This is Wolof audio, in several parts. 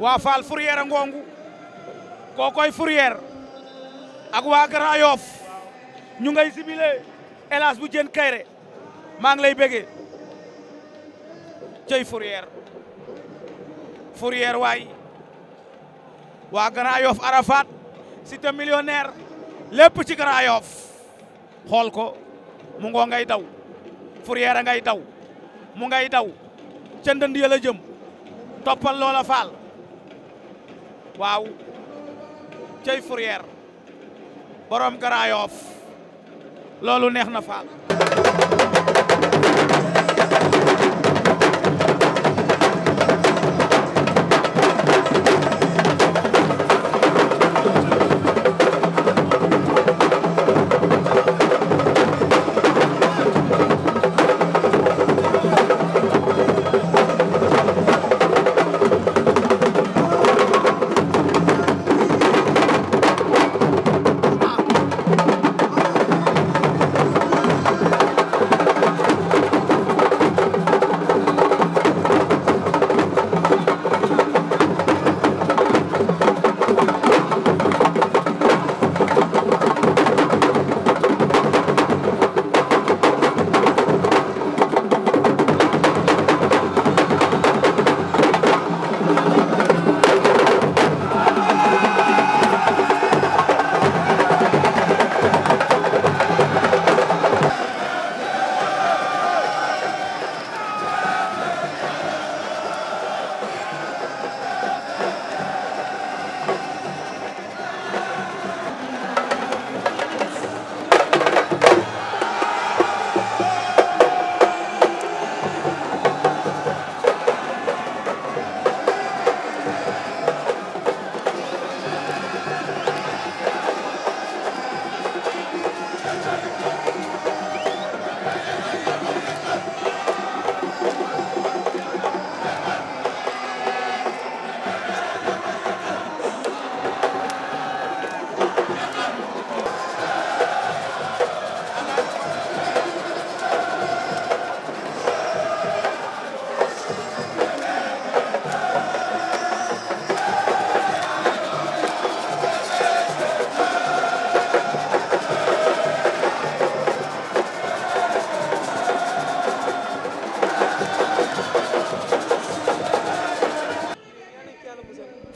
waa Fall Fourrière a ngongu kookoy Fourrière ak waa Grand Yoff ñu ngay sibile hélas bu jën kayre maa ngi lay béggee cey Fourrière Fourrière waay waa Grand Yoff Arafat cité millionnaire lépp ci Grand Yoff xool ko mu ngoo ngay daw Fourrière a ngay daw mu ngay daw ca ndënd ya la waaw cey Fourrière borom Grand Yoff loolu neex na faal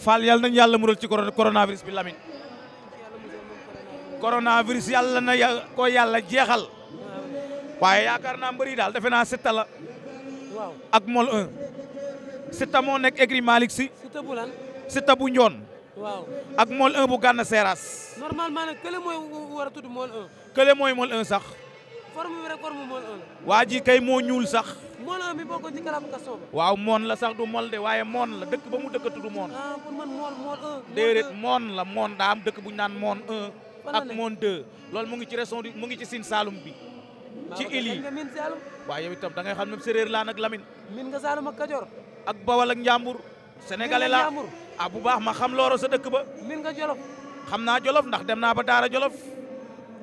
Fall yàlla nañu yàlla mural ci coronavirus bi Lamine coronavirus yàlla na ko yàlla jeexal waaye yaakaar naa mbëri daal defe naa Siteu la ak Mol 1 Siteu moo nekk écurie Malick Sy Siteu bu Njoon ak Mol 1 bu Gana Seras a waa ji kay moo ñuul sax mooloo mi bokkoon ci kalamu Gaston ba. waaw moon la sax du mol de waaye moon la dëkk ba mu dëkk tudd moon. ah moon la moon daa am dëkk bu ñu naan moon un. ak moon deux loolu mu ngi ci région mu ngi ci siin Saalum bi. Ah, ci île yi waaw yow itam da ngay xam ne séeréer laa nag Lamine. min nga Saalum ak Kajoor. ak Bawal ak Njambur. Sénégalais la ah bu baax ma xam looro sa dëkk ba. miin nga Jolof. xam naa Jolof ndax dem naa ba Daara Jolof.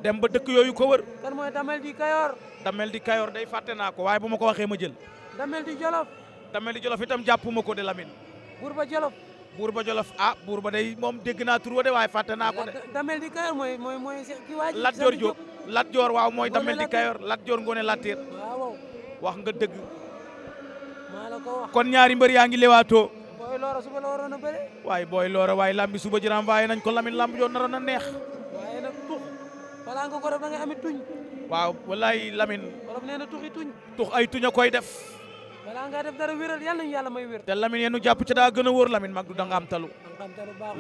dem ba dëkk yooyu ko wër. kan mooy damel di Kayor. damel di Kayor day fàtte naa ko waaye bu ma ko waxee ma jël. damel di Jolof. damel di Jolof itam jàppuma ko de Lamine. buur ba Jolof. buur ba Jolof a ah, buur ba day moom dégg naa tur wa de waaye fàtte naa ko de. damel di Kayor mooy mooy mooy ki waa ji. Lat Joor Jóob waaw mooy damel di Kayor Lat Joor Ngoone Latiir. waaw wax nga dëgg. maa ko kon ñaari mbër yaa ngi lewaatoo. booy Loora suba a bëre. waaye booy Loora waaye lambi suba jërëm nañ ko Lamine lamb joo naroon a neex balaa nga ko def da ngay amit waaw wallaay Lamine. borom nee na tuxi tuñ. tux ay tuñ a koy def. balaa ngaa def dara wéral yàlla ñu yàlla may wér. te Lamine yéen jàpp ci daa gën a wóor Lamine mag du danga am talu.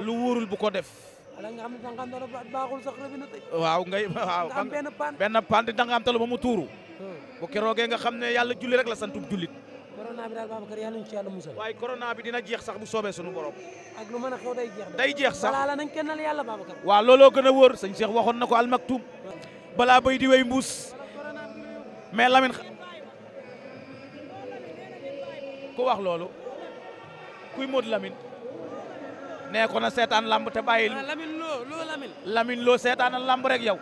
lu wóorul bu ko def. ala nga xam ne danga am baaxul sax na tey. waaw ngay waaw nga am benn paan benn di danga am talu ba mu tuuru. Hmm. bu keroogee nga xam ne yàlla julli rek la santub jullit corona bi daal Babacar yàlla ñu ci yàlla musal. waaye corona bi dina jeex sax bu soobee sunu borom. ak a xew day jeex. day jeex sax balaa la nañ kennal yàlla Babacar. waaw looloo gën a wóor sëñ Cheikh waxoon na ko almaktum. balaa bay di wey mbuus. mais Lamine ku wax loolu kuy Modou Lamine. nee ko seetaan lamb te bàyyi. Lamine loo loo Lamine. lamb rek yow.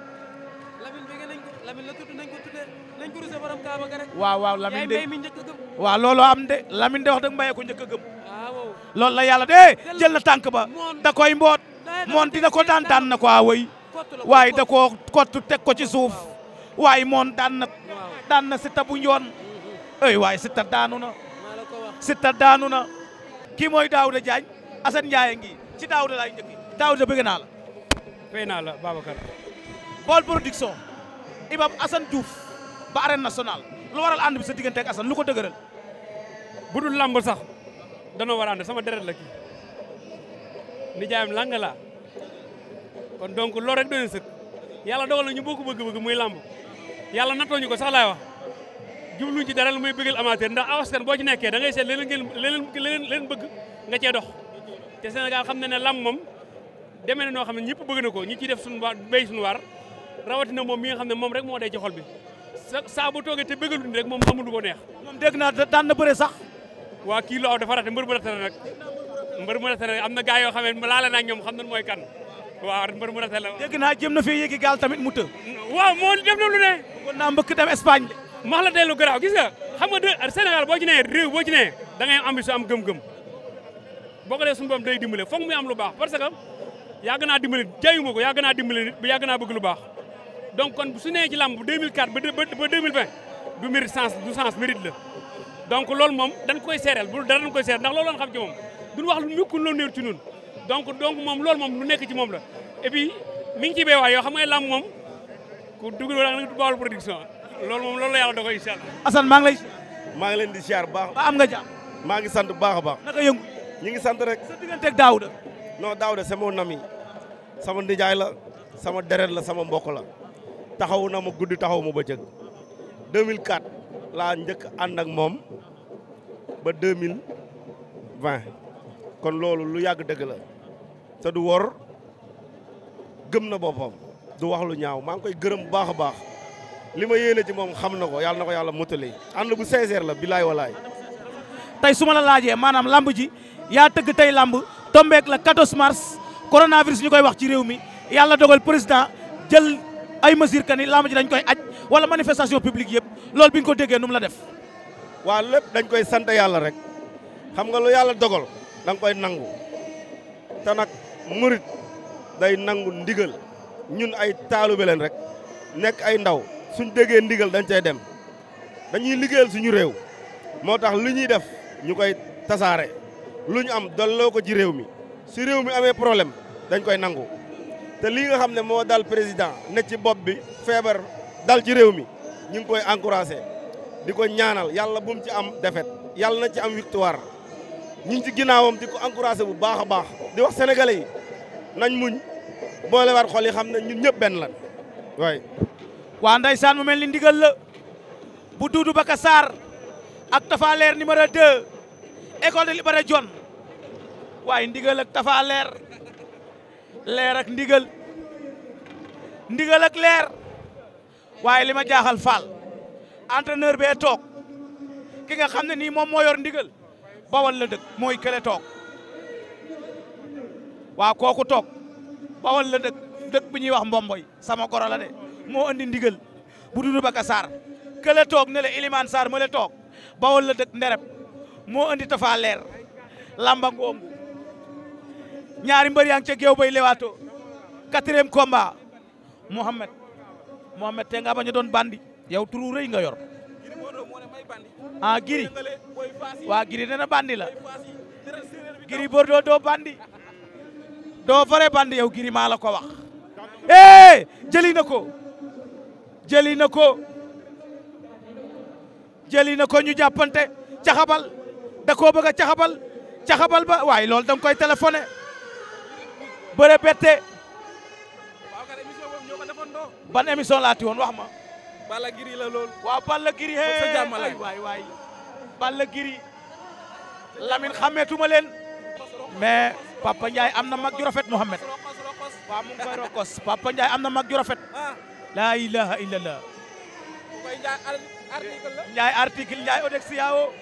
waaw waaw Lamine de waaw loolu am de Lamine wax dëgg Mbaye ko njëkk a gëm ah, loolu la yàlla de jël na tànk ba da koy mboot moon dina ko daan daan na ko away ah, da koo kottu teg ko ci suuf waay moon daan na daan na Siteu bu njoon mhm. ey waaye Siteu daanu na Siteu daanu na kii mooy Daouda Diagne Assane Ndiaye ngi ci Daouda laay njëkk Daouda bëgg naa la fay naa la Babacar Baol Production Ibab ba arène nationale lu waral ànd bi sa diggante ak lu ko dëgëral. bu dul làmb sax danoo war sama deret la kii nijaayam làng laa kon donc loo rek doy na yàlla dogal na ñu bokk bëgg-bëgg muy làmb yàlla nattoo ñu ko sax laay wax jubluñ ci dara lu muy bëggal amateur ndax awaskan boo ci nekkee da ngay seet leneen ngeen leneen leneen bëgg nga cee dox te Sénégal xam na ne làmb moom demee na noo xam ne ñëpp bëgg na ko ñi ciy def suñu waar béy suñu waar rawatina moom mi nga xam ne moom rek moo dee ci bi saa bu toogee te bëggaluñ rek moom amul ko neex. moom dégg naa daan na bëre sax. waa kii loo aw dafa rate mbër mu rate la nag mbër am na gars yoo xam ne laale naa ñoom xam nañ mooy kan waaw mbër mu naa jëm na fee yéegi gaal tamit mu të. waaw moo def na lu ne. kon naa mbëkk dem Espagne max la dellu garaaw gis nga xam nga de Sénégal boo ci nee réew boo ci nee da ngay am ambition am gëm-gëm boo ko dee suñu borom day dimbale foog muy am lu baax parce que yàgg naa dimbale jayuma ko yàgg naa dimbale yàgg naa bëgg lu baax donc kon su nee ci làmb bu 2004 ba ba 2020 du mérite sens du sens mérite la donc loolu moom dañ koy seereel bu dara dañ ko seereel ndax loolu lañ xam ci moom duñ wax lu mukk loo néer ci ñun donc donc moom loolu moom lu nekk ci moom la et puis mi ngi ciy béywaay yoo xam nga làmb moom ku dugg da nga bawal production loolu moom loolu la yàlla dogal incha allah Assane maa ngi lay maa ngi leen di siyaar baax ba am nga jàmm maa ngi sant bu baax a baax naka ngi sant rek sa digganteeg Daouda non Daouda c'est mon ami sama ndijaay la sama deret la sama mbokk la taxawu na ma guddi taxaw ma ba bëccëg 2004 laa njëkk ànd ak moom ba 2020 kon loolu lu yàgg dëgg la te du wor gëm na boppam du wax lu ñaaw maa ngi koy gërëm bu baax a baax li ma yéene ci moom xam na ko yàlla na ko yàlla motali ànd bu sincère la bilaay laay tey su ma la laajee maanaam làmb ji yaa tëgg tey lamb tombeek la 14 mars coronavirus ñu koy wax ci réew mi yàlla dogal président jël. ay mesures que ni làmb dañ koy aj wala manifestation publique yëpp loolu bi nga ko déggee la def. waaw lépp dañ koy sant yàlla rek xam nga lu yàlla dogal da koy nangu te nag murit day nangu ndigal ñun ay taalube leen rek nekk ay ndaw suñ déggee ndigal dañ cay dem dañuy liggéeyal suñu réew moo tax lu ñuy def ñu koy tasaare lu ñu am dolloo ko ci réew mi su réew mi amee problème dañ koy nangu. te lii nga xam ne moo dal président ne ci bopp bi feebar dal ci réew mi ñu ngi koy encouragé di ko ñaanal yàlla bu mu ci am défaite yàlla na ci am victoire ñu ngi ci ginnaawam di ko encouragé bu baax a baax di wax sénégalais nañ muñ boolewaat xol yi xam ne ñun ñëpp benn lan waay waa ndeysaan mu mel li ndigal la bu Doudou Baka Sarr ak Tafa Leer numéro 2 école de Libéré John waaye ndigal ak Tafa Leer leer ak ndigal ndigal ak leer waaye li ma jaaxal faal entraîneur bee toog ki nga xam ne nii moom moo yor ndigal bawal mooy kële toog waaw kooku toog bawal la dëkk dëkk bi ñuy wax mbomboy sama goro la de moo andi ndigal bu dudu baka Sarr kële toog ne la Iliman Sarr ma le toog bawal la dëkk ndereb moo andi tafa leer lamba ngoongu ñaari mbër yaa ngi ca géew bay lewaatoo quatrième combat Mohamed Mohamed te nga bañ doon bandi yow turu rëy nga yor ah giri waa giri nee bandi la giri Bordeaux doo bandi doo vrai bandi yow giri maa ko wax eh jëli na ko jëli na ko jëli na ko ñu jàppante caxabal da koo bëgg a caxabal caxabal ba waaye loolu danga koy téléphoné bëre bette. ban émission laati woon wax ma. Balla Giri la lool. waaw Balla Giri hee ay waay waay. Balla Giri. Lamine xàmmeetuma leen. mais Papa Ndiaye am na mag ju rafet Mouhamed. waaw mu ngi koy rokos Papa Ndiaye am na mag ju rafet. Ah. laa ilaha illallah. Ndiaye article Ndiaye Odexia o.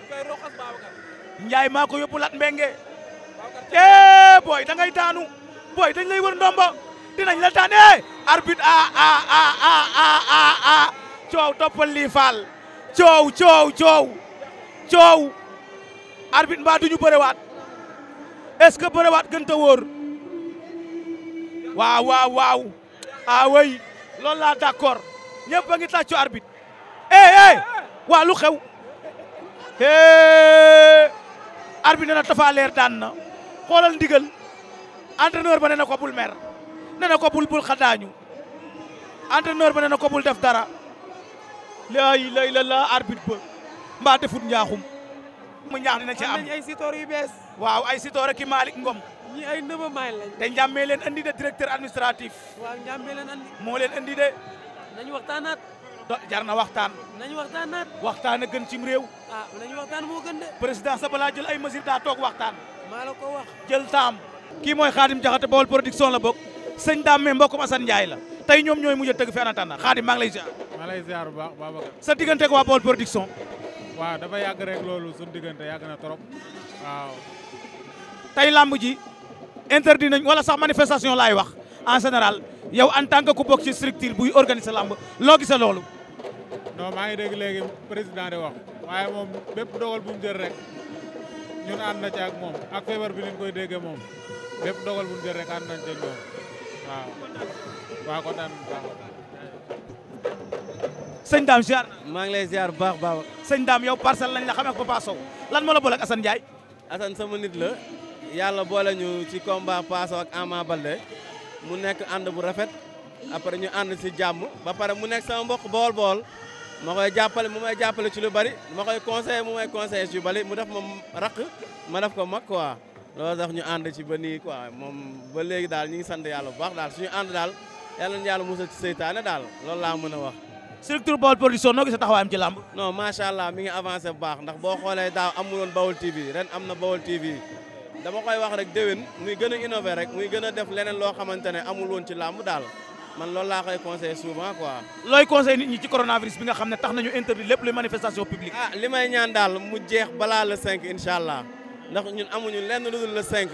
Ndiaye maa ko yóbbu Lat Mbengue. eh booy da ngay daanu. booy dañ lay wër ndomba dinañ la tànnee arbitre a ah, a ah, a ah, a a a coow toppal lii coow coow coow coow arbitre mbaa duñu bërewaat est-ce que bërewaat gën ta wóor waaw waaw waaw ah way laa d'accord ñëpp a ngi tàccu arbitre eh, eh. eh, eh. waa lu xew hee arbitre nee na Tapha daan na xoolal ndigal entraîneur ba nee na ko bul mer nee ko bul bul xadaañu entraîneur ba nee na ko bul def dara lay lay la la arbitre ba mbaa defut ñaaxum mu ñaax na ci am ay sitoor yu bees waaw ay sitoor ak i Ngom ñi ay nëba maay lañ te njàmmee leen andi de directeur administratif waaw njàmmee leen andi moo leen andi de nañu jar na waxtaan nañu waxtaanaat waxtaan a gën cim réew ah nañu waxtaan moo gën de président sa balaa jël ay mesures daa toog waxtaan jël taam kii mooy xaadim jaxate Baol production la bokk sëñ Dame mbokkum Assane Ndiaye la tey ñoom ñooy mujj a tëgg fi anatana xaadim maa ngi lay ziar. maa lay ziar bu baax Babacar. sa diggante ak waa Baol production. waaw dafa yàgg rek loolu suñu diggante yàgg na trop waaw. tey làmb ji interdit nañ wala sax manifestation laay wax en général yow en tant que ku bokk ci structure buy organiser làmb loo gisee loolu. non maa ngi dégg léegi président di wax waaye moom bépp dogal rek ñun ak moom bi ni koy déggee moom. bépp dogal bu ñu jël rek ànd nañ ñoom waaw daam ziar maa ngi lay ziar bu baax baax sëñ daam yow parcelle lañ la xamee ak Papa Sow lan moo la boole ak Assane Ndiaye Assane sama nit la yàlla boole ñu ci combat Papa Sow ak mu nekk ànd bu rafet après ñu ànd si jàmm ba pare mu nekk sama mbokk bool bool ma koy jàppale mu may jàppale ci lu bari ma koy conseillé mu may conseillé ci bari mu def ma rakk ma def ko mag quoi loolu tax ñu ànd ci ba nii quoi moom ba léegi daal ñu ngi sant yàlla bu baax daal suñu ànd daal yàlla na yàlla musal ci seytaane daal loolu laa mën a wax. structure Baol production noo gisee taxawaayam ci làmb. non macha allah mi nga avancé bu baax ndax boo xoolee daaw amuloon Baol TV ren am na Baol TV dama koy wax rek déwén muy gën a innové rek muy gën def leneen loo xamante ne amul woon ci làmb daal man lool laa koy conseillé souvent quoi. looy conseillé nit ñi ci bi nga xam ne tax nañu interdit lépp luy manifestation publique. ah li may ñaan daal mu jeex balaa le incha allah. ndax ñun amuñu lenn lu dul le 5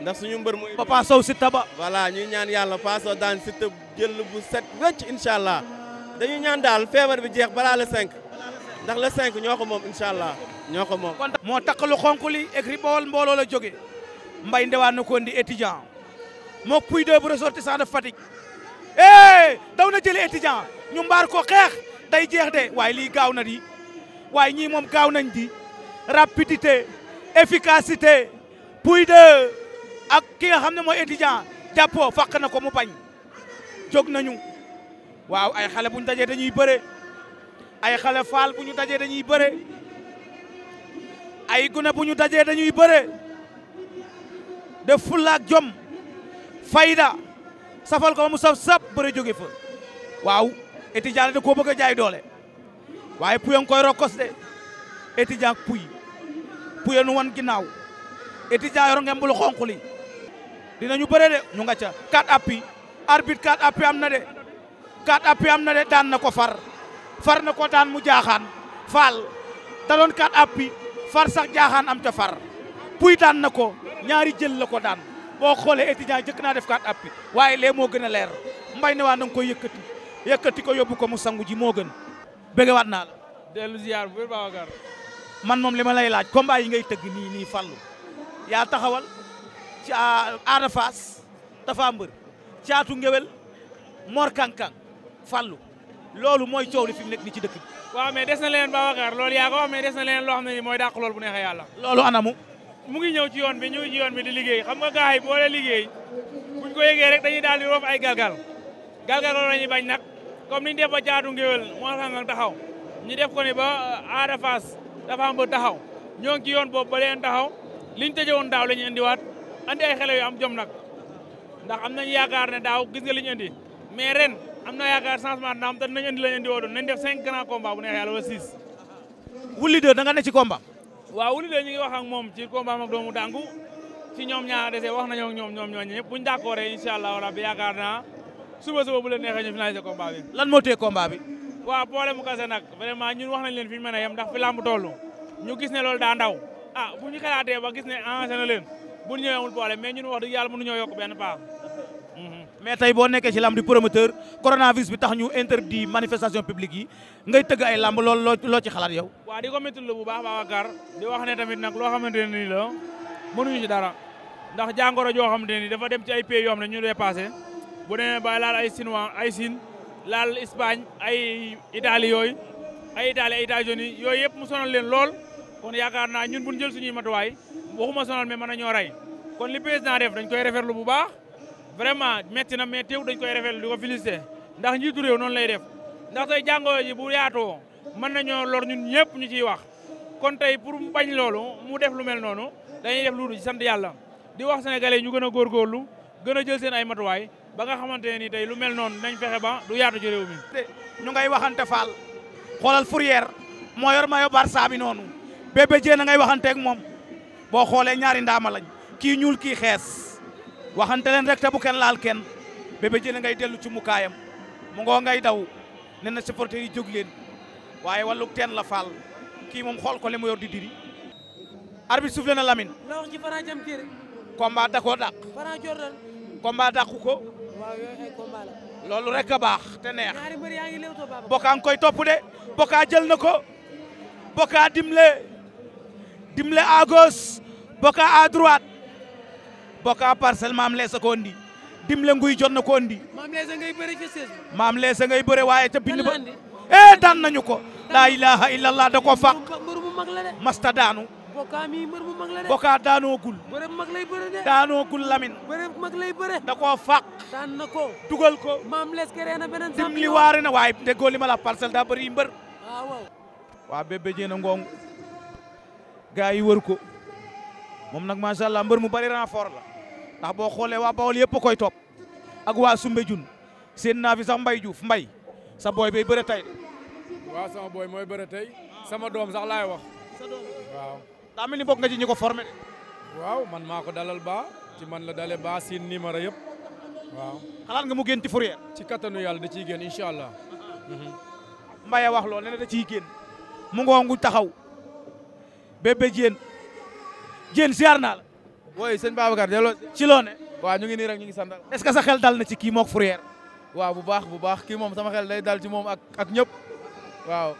ndax suñu mbër mooy. Papa Sow Siteu ba. voilà ñuy ñaan yàlla Papa Sow daan Siteu jël bu set wécc incha allah dañuy ñaan daal feebar bi jeex balaa le 5 ndax le 5 ñoo ko moom incha allah ñoo ko moom. moo takk lu xonk li écrit Bawol mbooloo la jóge Mbaye Ndewaan na ko indi étudiant moo puy deux bu ressortissant de Fatick. eh daw na jëli étudiant ñu mbaar ko xeex day jeex de waay lii gaaw na di waaye ñii moom gaaw nañ di rapidité. efficacité puy de ak ki nga xam ne mooy étudiant jàppoo fàq na ko mu bañ jóg nañu waaw ay xale bu ñu dajee dañuy bëre ay xale faal bu ñu dajee dañuy bëre ay gune bu ñu dajee dañuy bëre def fulaak jom fayda safal ko mu saf sap bëre jóge fa waaw étudiant da koo bëgg a jaay doole waaye puy a ngi koy de étudiant puy puye nu wan ginnaaw étudiant yor ngeen bul xonq li dinañu bëre ñu nga ca quatre appuis arbitre quatre appuis am na de quatre appuis am na de daan na ko far far na ko daan mu jaaxaan faal daloon quatre appuis far sax jaaxaan am ca far puy daan na ko ñaari jël la ko daan boo xoolee étudiant jëkk naa def quatre appuis waaye lee moo gën a leer mbay ne waa na nga koy yëkkati yëkkati ko yóbbu ko mu sangu ji moo gën bëggewaat naa la dellu ziar bu wér man moom li ma lay laaj combat yi ngay tëgg nii nii fàllu yaa taxawal ci ah, Ada Fass Tapha Mbeur caatu ngewel Mor Kankang fàllu loolu mooy coow li fi mu nekk nii ci dëkk bi. waaw mais des na leneen Babacar loolu yaa ko wax des na leneen loo xam ne nii mooy dàq loolu bu neexee yàlla. loolu anamu. mu ngi ñëw ci yoon bi ñu ngi ci yoon bi di liggéey xam nga gars yi boo leen liggéey buñ ko yëgee rek dañuy daal di ay galgal galgal loolu la bañ nag comme ni ñu def ba caatu ngewel Kankang taxaw ñu def ko ba ah, Ada dafa am ba taxaw ñoo ngi ci yoon boobu ba leen taxaw liñ tëjee woon daaw la ñu indiwaat andi ay xale yu am jom nag ndax am nañu yaakaar ne daaw gis nga li ñu mais ren am na yaakaar changement dina am te nañu indi la ñu indi woon nañ def cinq grands combats bu neex yàlla wala six. Wuli de da nga ci combat. waaw Wuli de ñu ngi wax moom ci combat ak doomu dàngu ci ñoom ñaar dese wax nañoo ak ñoom ñoom ñooñu ñëpp bu ñu d' accord incha allah rabbi yaakaar naa suba suba bu leen neexee ñu finaliser combat bi. moo téye bi. waaw problème mu kase nag vraiment ñun wax nañ leen fi ñu mën a yem ndax fi làmb toll ñu gis ne loolu daa ndaw a ah, bu ñu xalaatee ba gis ne enchaîné na leen bu ñu ñëwee amul problème mais ñun wax dëgg yàlla mënuñoo yokk benn pas. Mhm. mais tey boo nekkee ci làmb di promoteur coronavirus bi tax ñu interdit manifestation publique yi ngay tëgg ay làmb lool loo ci xalaat yow. waa di ko méttiwul bu baax Babacar di wax ne tamit nag loo xamante ne nii la mënuñu ci dara ndax jàngoro joo xamante ne dafa dem ci ay pays yoo xam ne ñu dépassé bu demee laal Espagne ay Italie yooyu ay Italie ay États-Unis yooyu yëpp mu sonal leen lool kon yaakaar naa ñun bu ñu jël suñuy matuwaay waxuma sonal mais mën na ñoo rey kon li président def dañ koy rafetlu bu baax vraiment métti na mais teew dañ koy rafetlu di ko félicité ndax njiitu réew noonu lay def ndax tey jàngoro ji bu yaatoo mën ñoo lor ñun ñëpp ñu ciy wax kon tey pour mu bañ loolu mu def lu mel noonu dañuy def lu dul sant yàlla di wax sénégalais ñu gën a góorgóorlu gën a jël seen ay matuwaay ba nga xamante ne ni tey lu mel noonu nañ fexe ba du yaatu ci réew mi. ñu ngay waxante faal xoolal fourrière moo yor mayo Barça bi noonu bébé Dieng na ngay waxanteeg moom boo xoolee ñaari ndaama lañ kii ñuul kii xees waxante leen rek te bu kenn laal kenn bébé Dieng ngay dellu ci mukaayam mu ngoo ngay daw ne na supporter yi jóg leen waaye wàllu teen la faal kii moom xool ko li mu di diri. arbitre soufflé na Lamine. la wax ji Fara jam kii koo dàq. Fara ko. loolu rek a baax te neex. ñaari mbër koy topp de Boka jël na ko Boka dimle dimle à gauche Boka à droite maam leesa ko indi dimle nguy jot ko indi. maam leesa ngay bëre waaye ca bind ba. eh daan nañu ko. la ilaha illallah da ko faq. mbër daanu. Boka mi mbër mu mag la de. Boka daanoo gul. bëre mag lay bëre de. daanoo gul Lamine. na ko. dugal ko. maam les kere na beneen sàmm li waare na waaye déggoo li ma la daa bëri mbër. Ah, waa bébé jéena ngong. gars yi wër ko. moom nag macha allah mbër mu bari renfort la. ndax boo xoolee waa Bawol yëpp koy topp. ak waa Soumbédioune. seen naa fi sax Mbaye Diouf Mbaye. sa booy bay bëre tey sama booy mooy bëre tey. sama doom sax laay wax. daa mel ni bokk nga ci ñi ko formé de. waaw man maa ko dalal ba ci man la dalee ba siin numéro yëpp waaw. xalaat nga mu génn ci fourrière. ci kattanu yàlla da ciy génn incha allah. Uh-huh. Mbaye wax loolu nee na da ciy génn. mu ngoongu taxaw. bébé Diène. Diène ziar naa la. wooy sëñ Babacar delloo ci loo ne. waaw ñu ngi nii rek ñu ngi sant. est-ce que sa xel dal na ci kii mook fourrière. waaw bu baax bu baax kii moom sama xel day dal ci moom ak ak ñëpp waaw.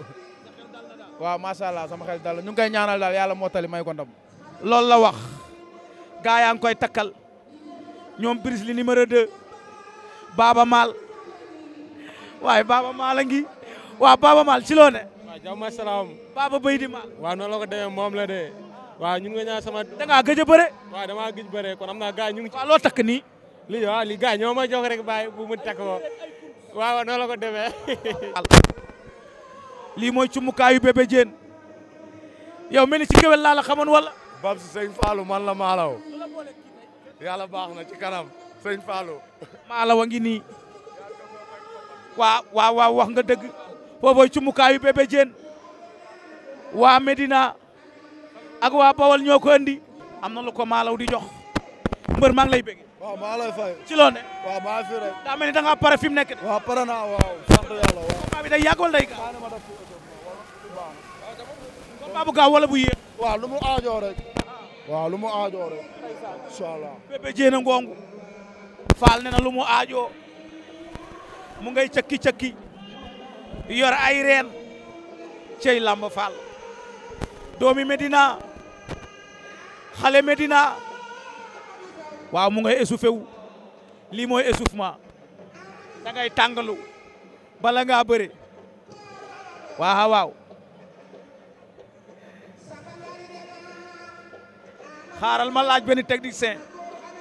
waaw macha allah sama xel dal ñu ngi koy ñaanal daal yàlla moo loolu la wax yaa ngi koy takkal ñoom Brice li numéro 2 Baba Maal waaye Baba Maal a ngi waaw Baba Maal ci loo ne. waaw jàmm salaam. Baba Béy di Maal. waaw noonu la ko moom la de waaw ñu ngi ñaan sama. da ngaa gëj a bëre. waaw damaa gëj bëre kon am naa ñu ngi. waaw loo takk nii. lii waaw lii gaa ñoo ma jox rek bàyyi bu mu takk ko waaw noonu la ko lii mooy cumukaayu bébé Diène yow mel ni ci géwél laa la xamoon wala. bab si sëñ Fallou man la maalaw yàlla baax na ci kanam sëñ Fallou. maalaw a ngi nii waa waa waa wax nga dëgg boobooy cumukaayu bébé Diène waa Medina ak waa Bawol ñoo ko andi. am na lu ko maalaw di jox mbër maa lay bëgg. waaw maa lay fay. ci loon ne. waaw ni da ngaa pare fi mu nekk naa waaw. sant yàlla waaw. combat bu gaaw wala bu yéex. waaw lu mu aajoo rek. waaw lu mu aajoo rek. Faal ne na aajoo. mu ngay cëkki cëkki. yor ay reen. cey Faal. doomi Medina. xale Medina. waaw mu ngay échauffé wu lii mooy échauffement da ngay tàngalu bala ngaa bëre waaw xaaral ma laaj benn technicien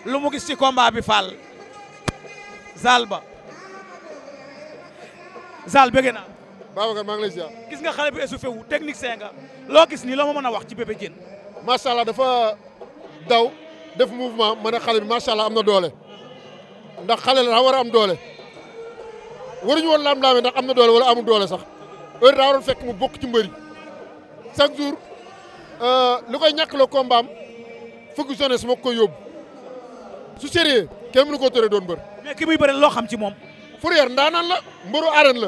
lu mu gis ci combat bi Fall Zal ba Zal bëgg naa. Babacar maa ngi lay ziar. gis nga xale bi échauffé wu technicien nga loo gis nii loo ma mën a wax ci Bébé Diène. macha allah dafa daw. def mouvement ma ne xale bi macha am na doole ndax xale la war a am doole waruñu woon laam-laame ndax am na doole wala amul doole sax heure daa waroon fekk mu bokk ci mbëri chaque jour euh, lu koy ko kombaam fukki jeunesse moo koy yóbbu su sérieux kenn mënu ko tëree doon mbër. mais ki muy bëri loo xam ci moom. Fourrière ndaanaan la mbëru arène la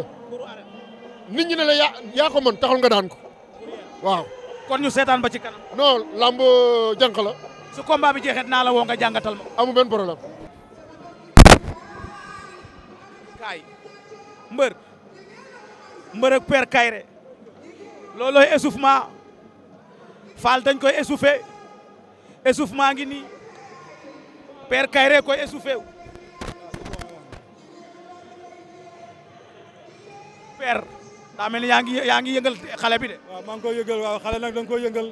nit ñi ne la yaa yaa ko mën taxul nga daan ko waaw. kon ñu seetaan ba ci kanam. non lamb jànq la. su combat bi jeexee naa la woo nga jàngatal ma. amu benn problème. kaay mbër mbër ak père Kayre loolooy échauffement Fall dañ koy échauffé échauffement ngi nii père Kayre koy échauffé wu. père daa mel yaa ngi yaa ngi yëngal xale bi de. waaw maa ngi koy yëngal waaw xale nag da nga koy yëngal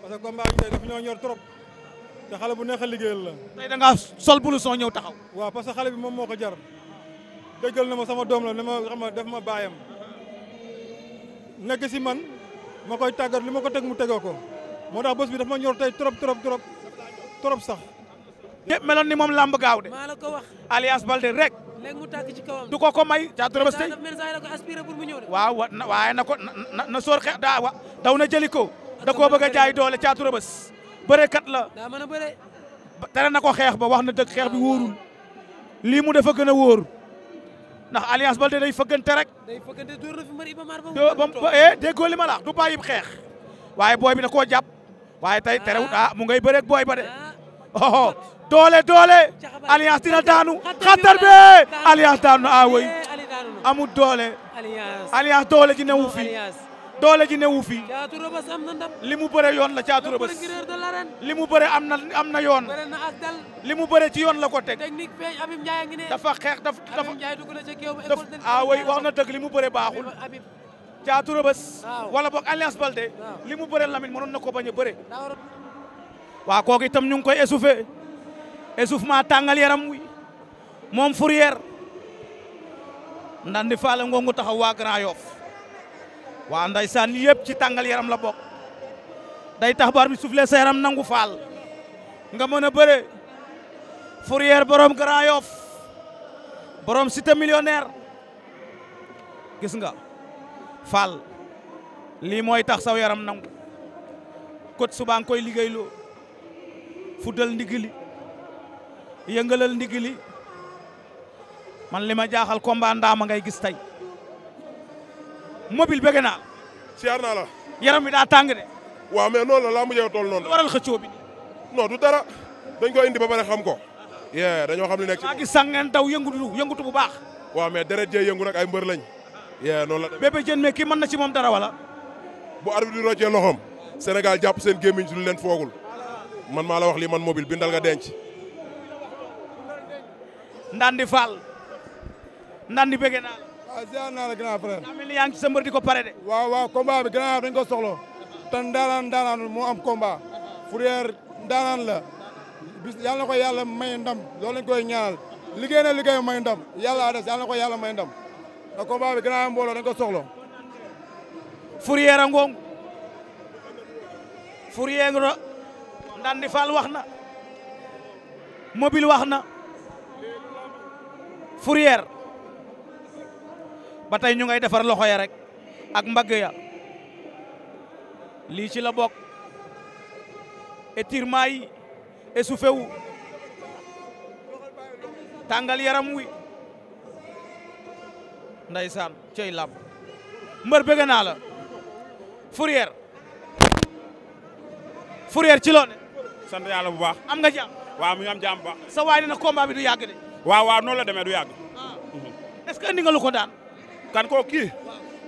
parce que combat yi dafa ñoo ñor trop. te xale bu neex a liggéeyal la. tey sol ngaa sol blouson ñëw taxaw. waaw parce que xale bi moom moo ko jar déggal na ma sama doom la ne ma xam def ma baayam nekk si man ma koy tàggat li ma ko teg mu tegoo ko moo tax bës bi daf ma ñor tey trop trop trop trop sax. ñëpp meloon ni moom làmb gaaw de. maa la wax. alias Balde rek. léegi mu tàkk ci kawam. du ko ko may. caa trop tey saa ko aspiré pour mu ñëw de. waaw waaye na ko na na soor xeex daa wa daw na jëli ko. da koo bëgg a jaay doole caa trop bërekat la. daa mën a bëre. tere na ko xeex ba wax na dëgg xeex bi wóorul. lii mu dafa gën a wóor. ndax alliance Baldé day fëggante rek. day fëggante door na fi mari ba maar ba eh, xeex. waaye booy bi na koo jàpp. waaye tey ah. terewut ah mu ngay bëreeg booy ba de. Ah. Oh, oh doole doole. alliance dina daanu. xatar be alliance daanu na ah woy eh, amul doole. alliance doole ji newu fi. doole ji newu fi Caatu Rebeuss am na li mu bëre yoon la Caatu Rebeuss li mu bëre am na am na yoon li mu bëre ci yoon la ko teg technique feeñ ngi ne dafa xeex dafa dafa ah way wax na dëgg li mu bëre baaxul Caatu Rebeuss wala boog Alliance Baldé li mu bëre Lamine mënoon na ko bañ a bëre waa kooku itam ñu ngi koy échauffé échauffement tàngal yaram wi moom Fourrière ndandi faala ngongu taxaw waa Grand Yoff waa ndeysaan yëpp ci tàngal yaram la bokk day tax bar bi soufflé sa yaram nangu faal nga mën a bëre Fourrière borom Grand Yoff borom cité millionnaire gis nga faal lii mooy tax saw yaram nangu kot subaa nga koy liggéeyloo fuddal ndigili yëngalal ndigili man li ma jaaxal combat ndaama ngay gis tey mobile bëgg naa la. siyaar naa la. yaram wi daa tàng de. waaw mais noonu la laa mujjee tool noonu. lu waral xëccoo bi. non du dara dañ ko indi ba pare xam ko. yee dañoo xam li nekk ci. maa ngi sàngeen daw yëngatu bu baax. waaw mais deret jee yëngu nag ay mbër lañ. yee kii mën na ci moom dara wala. bu arbitre bi roccee loxoom. senegal jàpp seen gémmiñ su leen foogul. man maa la wax lii man mobile bindal nga denc. Ndandi Fall Ndandi bëgg waaw ah, ziar naa la grand frère. daa mel ni yaa ngi ci sa mbër ko pare de. waaw waaw combat bi grand dañ ko tan daanaan daanaan moo am combat. Fourrière daanaan la. bis yàlla na ko yàlla may ndam loolu lañ ñaanal. liggéey liggéey may ndam yàlla des yàlla na ko yàlla may ndam. te combat bi grand mbooloo dañ ko soxla. Fourrière a ngooŋ. Fourrière wax na. Mobile wax na. Fourrière. ba tey ñu ngay defar loxo ya rek ak mbagg ya lii ci la bokk étirement yi échauffé wu tàngal yaram wi ndeysaan cey lab mbër bëgg naa la Fourrière Fourrière ci loone sant yàlla bu baax am nga jàmm waaw mi ngi am jàmm bu baax sa waay na combat bi du yàgg de waaw waaw noonu la demee du yàgg ah. est-ce que nga lu daan kan koo kii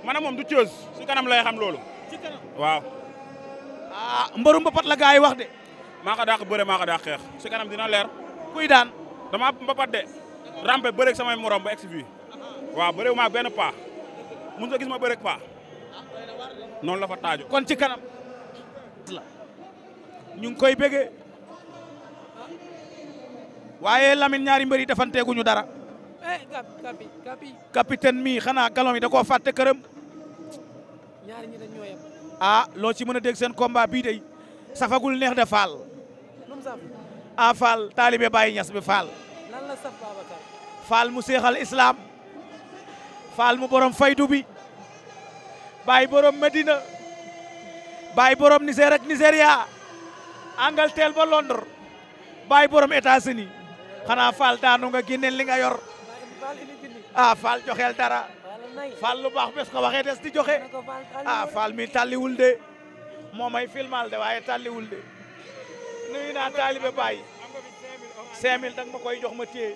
man moom du Thiès si kanam lay xam loolu. waaw. ah mbëru mbapat la gars yi wax de. maa ko dàq bëre maa ko dàq xeex si kanam dina leer. kuy daan dama mbapat de. rampe bëreeg samay morom ba egg si waaw bëreewu maa benn paa. mun nga gis ma bëreeg paa. Ah, noonu la fa taajo. kon ci kanam. ñu ngi koy bëggee. waaye Lamine ñaari mbër yi defanteeguñu dara. capitaine mi xanaa galon yi da koo fàtte këram. ñaari ah, loo ci mën a dégg seen combat bii day safagul neex de Fall. a Fall taalibe Baye Niass bi Fall. lan mu seexal islam. Fall mu borom faydu bi. Baye borom Medina. Baye borom Niger ak Nigeria. Angleterre ba Londres. Baye borom états xanaa Fall daanu nga génneel li nga yor. a ah, Fall joxeel dara Fall lu baax bes ko waxee des di joxe a ah, Fall mi tàlliwul de moo may filmal de waaye tàlliwul de nuyu naa taalibe bàyyi 5000 danga ma koy jox ma téye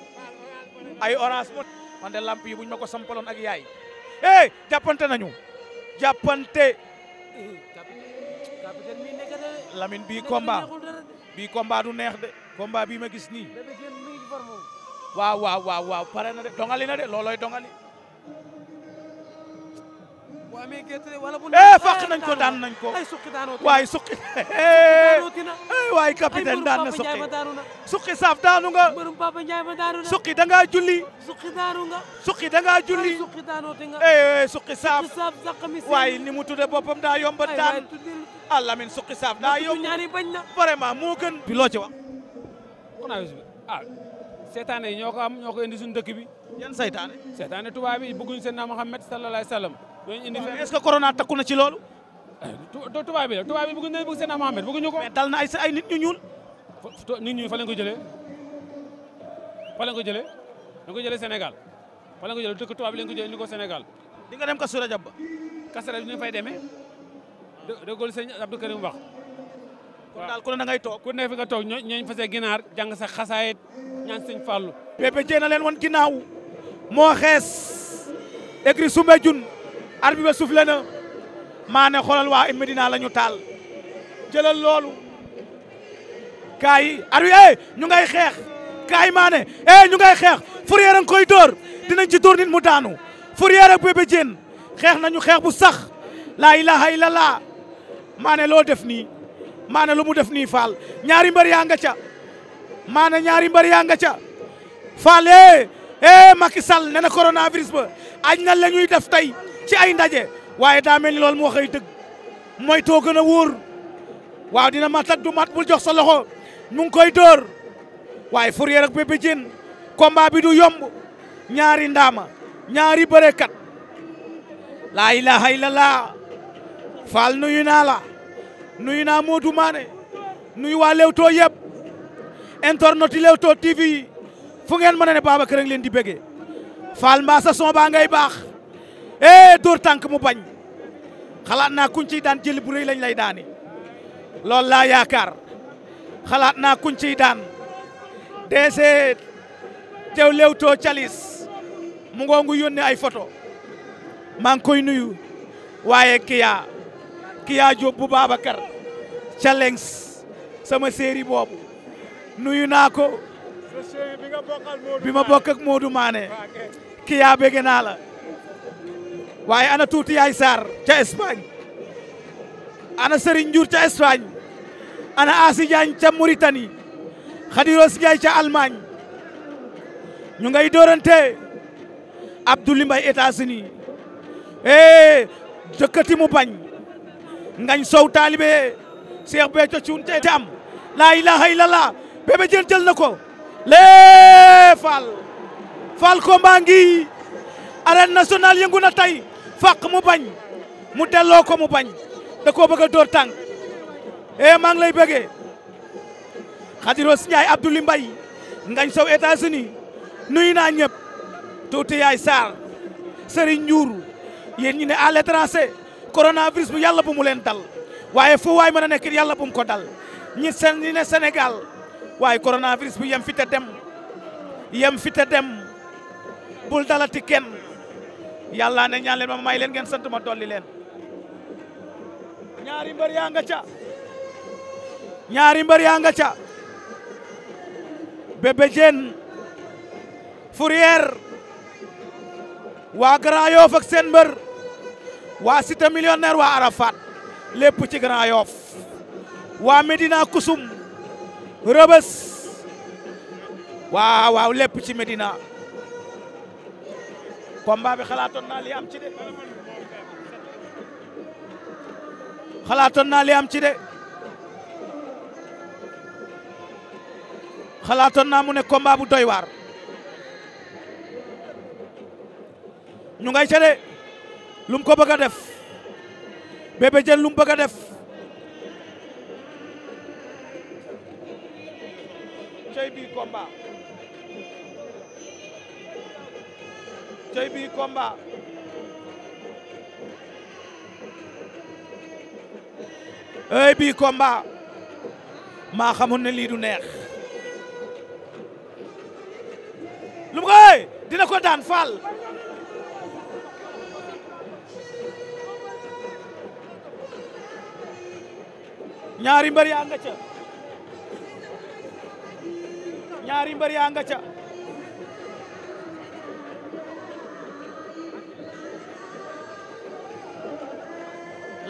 ay orange mo man de lamp yi buñ ma ko sampaloon ak yaay eh jàppante nañu jàppante Lamine bii combat bii combat du neex de combat bii ma gis nii waaw waaw waaw waaw pare na de dongali na de loolooy dongali. waa mais gerte wala bu. Eh, fàq nañ ko daan nañ ko waay suqi. Eh, eh, waay capitaine daan na suqi suqi saaf daanu nga. suqi da ngaa julli. suqi da ngaa julli. suqi saaf. waay ni mu tudde boppam daa yomba daan. alamin ah, suqi saaf daa yomb vraiment moo gën. bi loo ci wax. seytaane yi ñoo ko am ko indi suñu dëkk bi yan seytaane seytaane tubaab yi bëgguñu seen naa Muhammad sallallahu alayhi wa sallam ñooñu indi est-ce que corona takku na ci loolu tubaab bi la tubaab yi bëgguñu ne bëgg seen naa Muhammad bëgguñu ko mais dal na ay ay nit ñu ñuul nit ñu fa lañ ko jëlee fa lañ ko jëlee lañ ko jëlee senegal fa lañ ko jëlee dëkk tubaab bi lañ ko jëlee indi ko senegal di nga dem Kazu Rajab ba Kazu Rajab ñu fay demee déggool sëñ Abdou Karim wax kon daal ku ne da ngay ne fi nga toog ñoo ñooñ fase ginaar jàng sa xasaayit ñaan sëñ fàllu Bébé Diène wan ginnaaw moo xees écrit sumbe jun arbi ba suuf le na maa ne xoolal taal jëlal loolu kaay arbi eh xeex kaay maa ne eh ñu xeex Fourrière a koy dóor dinañ ci dóor nit mu daanu Fourrière ak xeex nañu xeex bu sax laa ilaha illallah maa loo def nii maana lu mu def nii faal ñaari mbër yaa nga ca maana ñaari mbër yaa nga ca faal eh eh Macky Sall nee na coronavirus ba añ na la ñuy def tey ci ay ndaje waaye daa mel ni loolu moo xëy dëgg mooy gën a wóor waaw dina mat ak du mat bul jox sa loxo mu ngi koy dóor waaye Fourier ak Bébé Diène combat bi du yomb ñaari ndaama ñaari bërekat laa ilaha illallah faal nuyu naa la nuyu naa Modou Mané nuyu waa Leewtoo yëpp internet yi Leewtoo TV yi fu ngeen mën a ne Babacar a leen di bëggee Fall mbaa sa son baa ngay baax eh dóor mu bañ xalaat naa kuñ ciy daan lañ lay daani loolu laa yaakaar xalaat naa kuñ ciy daan DG teew Leewtoo calis mu ngoo ngu yónnee ay photo maa ngi koy nuyu waaye kiyaa Kiya bu Babacar ca Lengs sama séeri boobu nuyu naa ko bi ma bokk ak Modou Mané Kiya naa la waaye ana tuuti yaay Sarr ca Espagne ana Serigne Ndiour ca Espagne ana Asi Diagne ca Mauritanie Khadiros ca Allemagne ñu ngay doorante Abdoulaye Mbaye États-Unis eh jëkkati mu bañ ngañ soow taalibe Cheikh Béthio Thioune te am laa ilaha illallah Bébé Diène jël na ko lee Fall Fall combat ngi arène nationale yëngu na tey faq mu bañ mu delloo ko mu bañ da koo bëgg door tànk e maa ngi lay bëggee Khadiros Ndiaye Abdoulaye Mbaye ngañ sow États-Unis nuyu naa ñëpp tuuti yaay Sarr Serigne Ndiour yéen ñi ne à l'étranger coronavirus bu yàlla bu mu leen dal waaye fu waay ma na nekk yàlla bu mu dal ñi seen ñi ne Sénégal waaye coronavirus bu yem fi te dem yem fi te dem bul dalati kenn yàlla ne ñaan leen ma may leen ngeen sant ma dolli leen. ñaari mbër yaa nga ca ñaari mbar yaa nga ca Bébé Diène Fourrière waa Grand Yoff ak seen waa cité millionnaire waa Arafat lépp ci Grand waa Medina Kusum Rëbës waaw waaw lépp ci Medina combat bi xalaatoon naa li am ci de xalaatoon naa mu ne combat bu ñu ngay ca de lum ko bëgg a def Bébé Diène lu mu bëgg a def cey bii combat cey bii bii combat maa xamoon ne lii du neex lu mu koy dina ko daan faal ñaari mbër yaa nga ñaari mbër yaa nga ca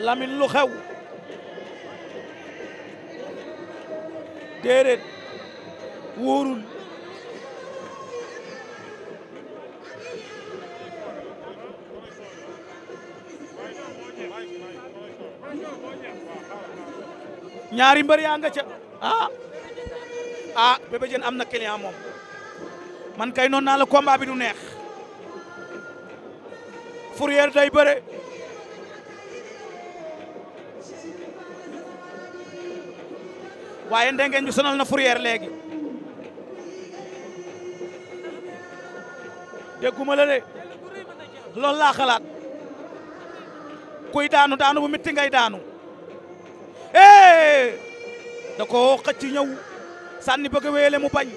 lamin lu xew déedéet wóorul ñaari mbër yaa nga ca ah, ah am na client moom man kay naa la combat bi du neex Fourrière day bëre waaye ndengeen ju na Fourrière léegi dégguma la de loolu laa xalaat kuy daanu daanu bu ngay daanu eh da koo xëcc ñëw sànni bëgg mu bañ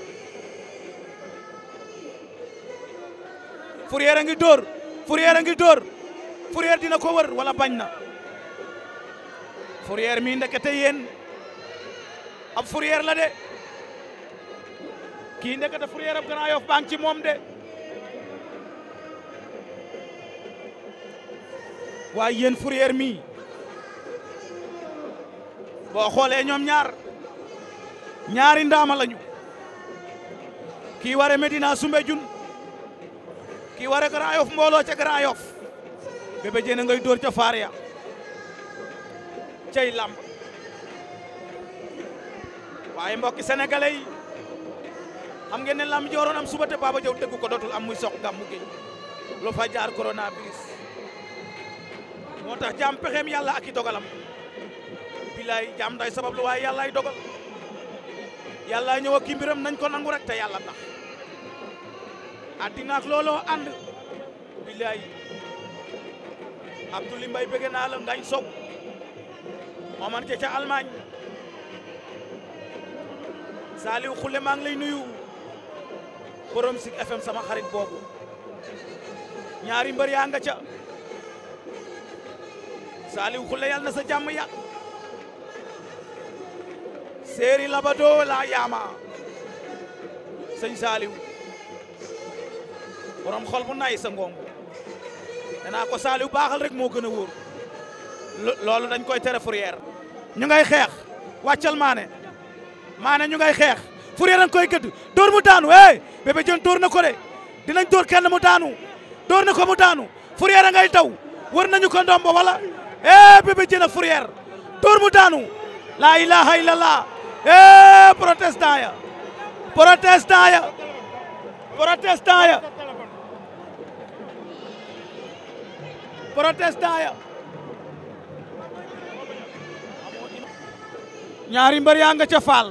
Fourier a ngi dóor Fourier a ngi dóor Fourier dina ko wër wala bañ na Fourier mi ndekete yéen ab Fourier la de kii ndekete Fourier ab Grand Yoff ci moom de waaye yéen Fourier mi boo xoolee ñoom ñaar ñaari ndaama lañu kii ware Medina Soumbédioune kii ware Grand Yoff mbooloo ca Grand Yoff Bébé Diène ca faar ya cey làmb waaye mbokki sénégalais yi xam ngeen ne làmb ji waroon am suba te Baba Diaw dëgg ko dootul am muy sox gàmmu gi lu fa jaar coronavirus moo tax jaam pexeem yàlla ak i dogalam bilaay jaam day sabab lu waaye yàllaay dogal yàllaay ñëw ak kii mbiram nañ ko nangu rek te yàlla tax addinaak looloo ànd bilaay Abdoul Mbaye bëgg naa la ngañ soog Omar ja ca Allemagne Saliou Khoule maa ngi lay nuyu borom Zik FM sama xarit boobu ñaari mbër yaa nga ca Saliou Khoule yàlla na sa jàmm yàgg seeri labato la yaama sëñ Saaliw borom xol bu nay sa ngong danaa ko Saaliw baaxal rek moo gën a wóor loolu dañ koy tere fourrière ñu ngay xeex wàccal maane maane ñu ngay xeex fourrière dañ koy gëdd dóor mu daanu hey Bébé Diène dóor na ko de dinañ dóor kenn mu daanu dóor na ko mu daanu fourrière a ngay daw war nañu ko ndombo wala eh Bébé Diène dóor mu daanu laa ilaha illallah eh protestant ya protestant ya protestant ya protestant ya ñaari mbër yaa nga ca faal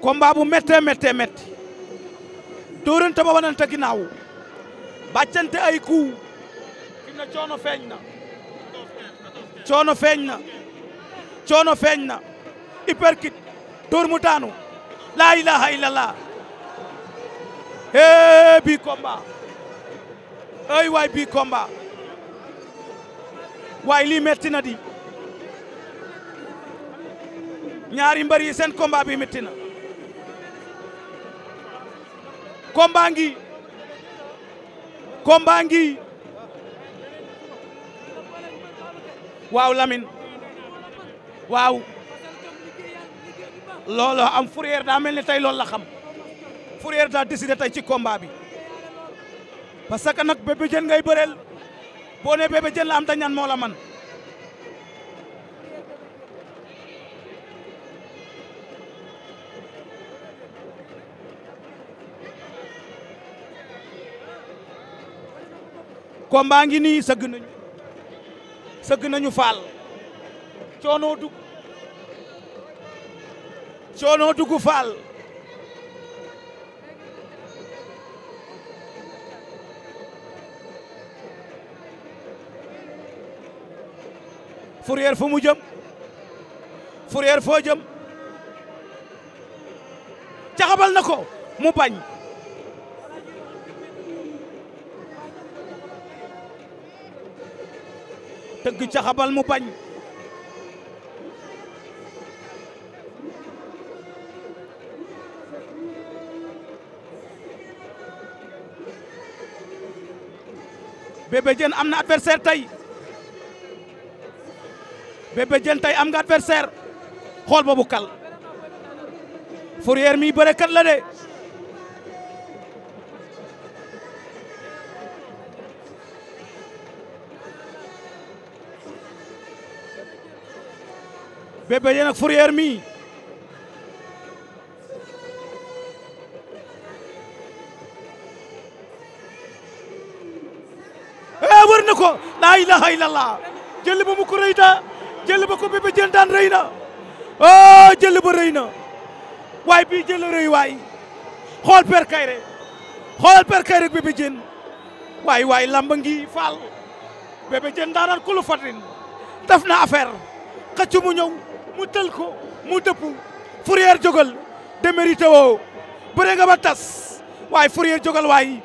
combat bu méttee ginnaaw bàccante ay coup kim na coono feeñ na coono feeñ na coono feeñ na hyperkit dóor mu daanu hee bii combat ay waay bii combat waay lii metti di ñaari mbër yi seen combat bi metti na combat ngi combat waaw Lamine waaw looloo am Fourrière daa mel ni tey loolu la xam Fourrière daa décidé tey ci combat bi parce que nag Bébé ngay bëreel boo ne Bébé Diène la am dañ naan man combat ngi nii sëgg nañu sëgg nañu faal coono dugg coono dugg faal Fourrière fu mu jëm Fourrière foo jëm caxabal na ko mu bañ tëgg caxabal mu bañ Bébé Diène am na adversaire tey Bébé Diène tey am nga adversaire xool boobu kal Fourrière mi bërekat la de Bébé Diène ak Fourrière mi laa ilaha illallah jël ba mu ko rëy na jël ba ko bébé jën daan rëy na oh, jël ba rëy na waaye bii jël rëy waay xool per kayre xoolal per kayre bébé jën waay waay lamba ngi faal bébé jën daanaan kulu fatin daf na affaire xëcc mu ñëw mu tël ko mu dëpp Fourier jógal démérité woo bëre nga ba tas waaye Fourier jógal waay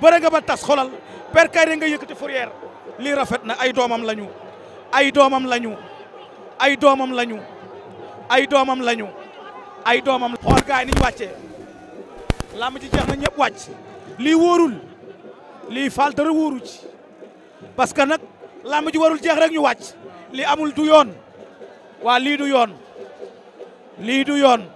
bëre nga ba tas xoolal per kayre nga yëkkati Fourier lii rafet na ay doomam lañu ay doomam lañu ay doomam lañu ay doomam lañu ay doomam xool gaay yi ni ñu wàccee làmb na ñëpp wàcc lii wóorul lii faal dara wóoru ci parce que nag làmb ji warul jeex rek ñu wàcc lii amul du yoon waa lii du yoon lii du yoon